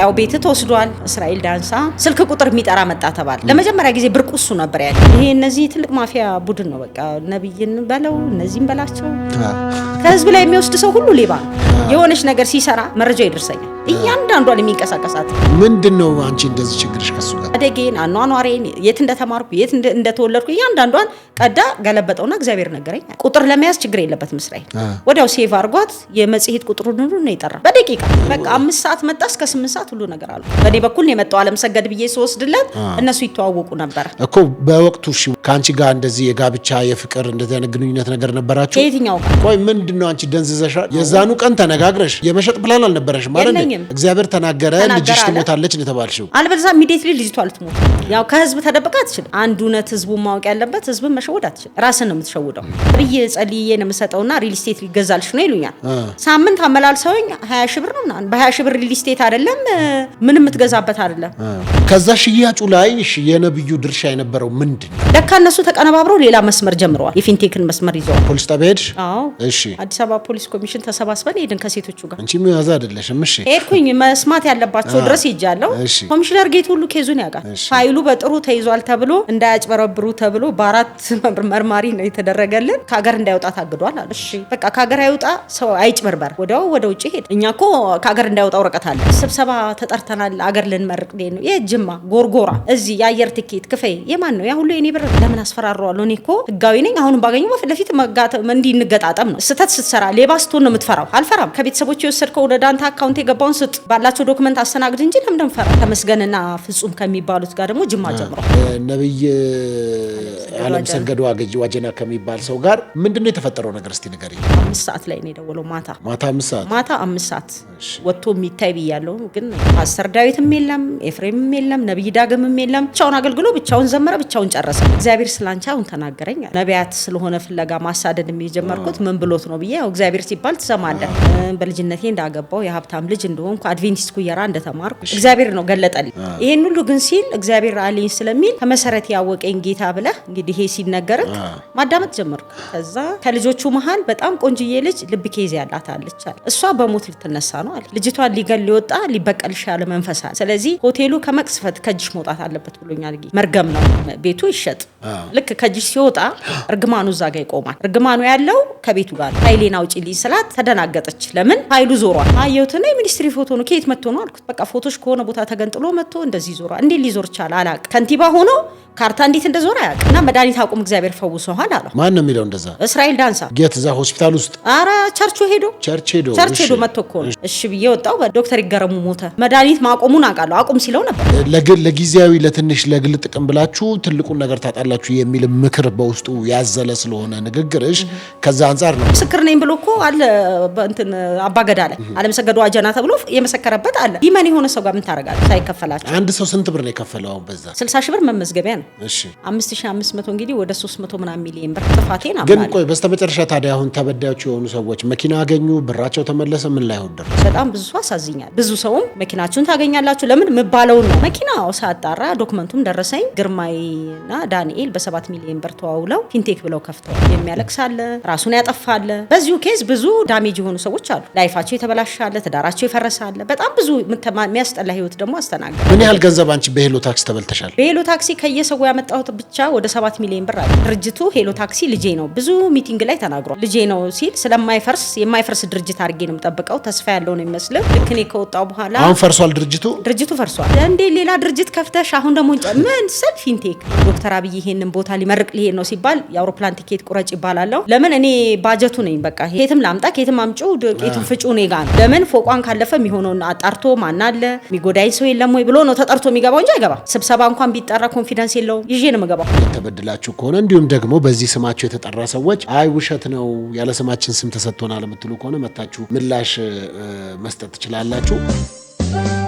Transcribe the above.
ያው ቤት ተወስዷል። እስራኤል ዳንሳ ስልክ ቁጥር የሚጠራ መጣ ተባለ። ለመጀመሪያ ጊዜ ብርቁ እሱ ነበር ያለ። ይሄ እነዚህ ትልቅ ማፊያ ቡድን ነው። በቃ ነብይን በለው እነዚህም በላቸው ከህዝብ ላይ የሚወስድ ሰው ሁሉ ሌባ የሆነች ነገር ሲሰራ መረጃ ይደርሰኛል። እያንዳንዷን የሚንቀሳቀሳት ምንድን ነው? አንቺ እንደዚህ ችግርሽ ከሱ ጋር አደጌን፣ አኗኗሬን፣ የት እንደተማርኩ፣ የት እንደተወለድኩ እያንዳንዷን ቀዳ ገለበጠውና እግዚአብሔር ነገረኝ። ቁጥር ለመያዝ ችግር የለበትም እስራኤል። ወዲያው ሴቭ አርጓት የመጽሔት ቁጥሩን ሁሉ ነው የጠራ በደቂቃ በቃ አምስት ሰዓት መጣ እስከ ስምንት ሰዓት ሁሉ ነገር አሉ። በእኔ በኩል የመጣው። አለም ሰገድ ብዬ ስወስድለት እነሱ ይተዋወቁ ነበር እኮ በወቅቱ። ከአንቺ ጋር እንደዚህ የጋብቻ የፍቅር እንደዚህ አይነት ግንኙነት ነገር ነበራችሁ? ከየትኛው ቀን? ቆይ ምንድን ነው አንቺ ደንዝዘሻል? የዛኑ ቀን ተነጋግረሽ የመሸጥ ፕላን አልነበረሽ ማለት ነው? እግዚአብሔር ተናገረ፣ ልጅሽ ትሞታለች ነው የተባልሽው። አልበለዚያ ኢሚዲየትሊ ልጅቷ ልትሞት ያው ከህዝብ ተደብቀ አትችልም። አንድ እውነት ህዝቡ ማወቅ ያለበት ህዝብን መሸወድ አትችልም። ራስን ነው የምትሸውደው። ብዬ ጸልዬ ነው የምሰጠውና ሪል ስቴት ሊገዛልሽ ነው ይሉኛል። ሳምንት አመላልሰውኝ ሀያ ሺህ ብር ነው በሀያ ሺህ ብር ሪል ስቴት አይደለም ምን የምትገዛበት አይደለም። ከዛ ሽያጩ ላይ የነብዩ ድርሻ የነበረው ምንድን ነው? ከነሱ ተቀነባብረው ሌላ መስመር ጀምረዋል። የፊንቴክን መስመር ይዘዋል። ፖሊስ ጣቢያ ሄድሽ? አዎ። እሺ። አዲስ አበባ ፖሊስ ኮሚሽን ተሰባስበን ሄድን ከሴቶቹ ጋር። አንቺ መያዝ አይደለሽም። እሺ። ሄድኩኝ መስማት ያለባቸው ድረስ ይጃለው። ኮሚሽነር ጌት ሁሉ ኬዙን ያውቃል። ፋይሉ በጥሩ ተይዟል ተብሎ እንዳያጭበረብሩ ተብሎ በአራት መርማሪ ነው የተደረገልን። ከሀገር እንዳይወጣ ታግዷል አሉ። እሺ በቃ ከሀገር አይወጣ ሰው አይጭበርበር። ወዲያው ወደ ውጭ ሄድ። እኛ ኮ ከሀገር እንዳይወጣ ወረቀት አለ። ስብሰባ ተጠርተናል። አገር ልንመርቅ ነው። የጅማ ጎርጎራ እዚህ የአየር ትኬት ክፈይ የማን ነው? ያ ሁሉ የኔ ብር ለምን አስፈራረዋለሁ? እኔ እኮ ህጋዊ ነኝ። አሁን ባገኘው በፊት ለፊት እንዲህ እንገጣጠም ነው። ስተት ስትሰራ ሌባ ስትሆን ነው የምትፈራው። አልፈራም። ከቤተሰቦች የወሰድከው ወደ ዳንታ አካውንት የገባውን ስጥ ባላቸው ዶክመንት አስተናግድ እንጂ ለምን ፈራ። ተመስገንና ፍጹም ከሚባሉት ጋር ደግሞ ጅማ ጀምሮ ነብይ አለም ሰገድ ዋጀና ከሚባል ሰው ጋር ምንድነው የተፈጠረው ነገር እስቲ ንገሪኝ። አምስት ሰዓት ላይ ነው የደወለው። ማታ ማታ አምስት ሰዓት ማታ አምስት ሰዓት ወጥቶ የሚታይ ብያለሁ። ግን ፓስተር ዳዊትም የለም ኤፍሬምም የለም ነብይ ዳግምም የለም። ብቻውን አገልግሎ ብቻውን ዘመረ፣ ብቻውን ጨረሰ። እግዚአብሔር ስላንቺ አሁን ተናገረኝ። ነቢያት ስለሆነ ፍለጋ ማሳደድ የሚጀመርኩት ምን ብሎት ነው ብዬ ያው እግዚአብሔር ሲባል ትሰማለህ። በልጅነቴ እንዳገባው የሀብታም ልጅ እንደሆንኩ አድቬንቲስት ኩየራ እንደተማርኩ እግዚአብሔር ነው ገለጠልኝ። ይሄን ሁሉ ግን ሲል እግዚአብሔር አለኝ ስለሚል ከመሰረት ያወቀኝ ጌታ ብለህ እንግዲህ ይሄ ሲነገርክ ማዳመጥ ጀመርኩ። ከዛ ከልጆቹ መሀል በጣም ቆንጅዬ ልጅ ልብ ኬዝ ያላት አለች። እሷ በሞት ልትነሳ ነው አለ። ልጅቷን ሊገል ሊወጣ ሊበቀልሽ ያለ መንፈሳል። ስለዚህ ሆቴሉ ከመቅስፈት ከእጅሽ መውጣት አለበት ብሎኛል። መርገም ነው ቤቱ ይሸጥ ልክ ከእጅሽ ሲወጣ እርግማኑ እዛ ጋ ይቆማል። እርግማኑ ያለው ከቤቱ ጋር ፋይሌን አውጪልኝ ስላት ተደናገጠች። ለምን ፋይሉ ዞሯል። አየሁትና የሚኒስትሪ ፎቶ ነው። ከየት መጥቶ ነው አልኩት። በቃ ፎቶች ከሆነ ቦታ ተገንጥሎ መጥቶ እንደዚህ ዞሯል። እንዴት ሊዞር ቻለ አላቅ። ከንቲባ ሆኖ ካርታ እንዴት እንደዞረ አያውቅም። እና መድኃኒት አቁም እግዚአብሔር ፈውሰዋል አለ። ማን ነው የሚለው እንደዛ? እስራኤል ዳንሳ ጌት እዛ ሆስፒታል ውስጥ አረ ቸርቹ ሄዶ ቸርች ሄዶ ቸርች ሄዶ መጥቶ እኮ ነው። እሺ ብዬ ወጣው። በዶክተር ይገረሙ ሞተ። መድኃኒት ማቆሙን አውቃለሁ። አቁም ሲለው ነበር። ለጊዜያዊ ለትንሽ ለግል ጥቅም ብላችሁ ትልቁን ነገር ታጣላ ትችላላችሁ የሚል ምክር በውስጡ ያዘለ ስለሆነ ንግግርሽ ከዛ አንጻር ነው። ምስክር ነኝ ብሎ እኮ አለ እንትን አባገዳ ላይ አለመሰገዱ አጀና ተብሎ የመሰከረበት አለ። ዲመን የሆነ ሰው ጋር ምን ታደርጋለህ? ሳይከፈላቸው አንድ ሰው ስንት ብር ነው የከፈለው? በዛ 60 ሺህ ብር መመዝገቢያ ነው። እሺ 5500 እንግዲህ ወደ 300 ምናምን ሚሊዮን ብር ጥፋቴ ጥፋቴን ግን ቆይ በስተመጨረሻ ታዲያ አሁን ተበዳዮች የሆኑ ሰዎች መኪና አገኙ፣ ብራቸው ተመለሰ። ምን ላይ ሆን ወደረ? በጣም ብዙ ሰው አሳዝኛል። ብዙ ሰውም መኪናችሁን ታገኛላችሁ ለምን ምባለውን ነው መኪና ሳጣራ ዶክመንቱም ደረሰኝ ግርማይና ዳንኤል በሚል በሰባት ሚሊዮን ብር ተዋውለው ፊንቴክ ብለው ከፍተዋል። የሚያለቅስ ራሱን ያጠፋለ። በዚሁ ኬዝ ብዙ ዳሜጅ የሆኑ ሰዎች አሉ። ላይፋቸው የተበላሻለ፣ ትዳራቸው የፈረሳለ፣ በጣም ብዙ የሚያስጠላ ህይወት ደግሞ አስተናገል ምን ያህል ገንዘብ አንቺ በሄሎ ታክሲ ተበልተሻል? በሄሎ ታክሲ ከየሰው ያመጣሁት ብቻ ወደ ሰባት ሚሊዮን ብር አለ። ድርጅቱ ሄሎ ታክሲ ልጄ ነው፣ ብዙ ሚቲንግ ላይ ተናግሯል። ልጄ ነው ሲል ስለማይፈርስ የማይፈርስ ድርጅት አድርጌ ነው የምጠብቀው። ተስፋ ያለው ነው የሚመስል። ልክ እኔ ከወጣው በኋላ አሁን ፈርሷል ድርጅቱ ድርጅቱ ፈርሷል። እንዴ ሌላ ድርጅት ከፍተሽ አሁን ደግሞ ምን ስል ፊንቴክ ዶክተር አብይ ይሄንን ቦታ ሊመርቅ ሊሄድ ነው ሲባል የአውሮፕላን ቲኬት ቁረጭ ይባላለሁ። ለምን እኔ ባጀቱ ነኝ። በቃ ኬትም ላምጣ ኬትም አምጩ ዱቄቱን ፍጩ እኔ ጋ ነው። ለምን ፎቋን ካለፈ የሚሆነውን አጣርቶ ማን አለ የሚጎዳኝ ሰው የለም ወይ ብሎ ነው ተጠርቶ የሚገባው እንጂ አይገባ። ስብሰባ እንኳን ቢጠራ ኮንፊደንስ የለው ይዤ ነው የምገባው። ተበድላችሁ ከሆነ እንዲሁም ደግሞ በዚህ ስማቸው የተጠራ ሰዎች አይ ውሸት ነው ያለ ስማችን ስም ተሰጥቶናል የምትሉ ከሆነ መታችሁ ምላሽ መስጠት ትችላላችሁ።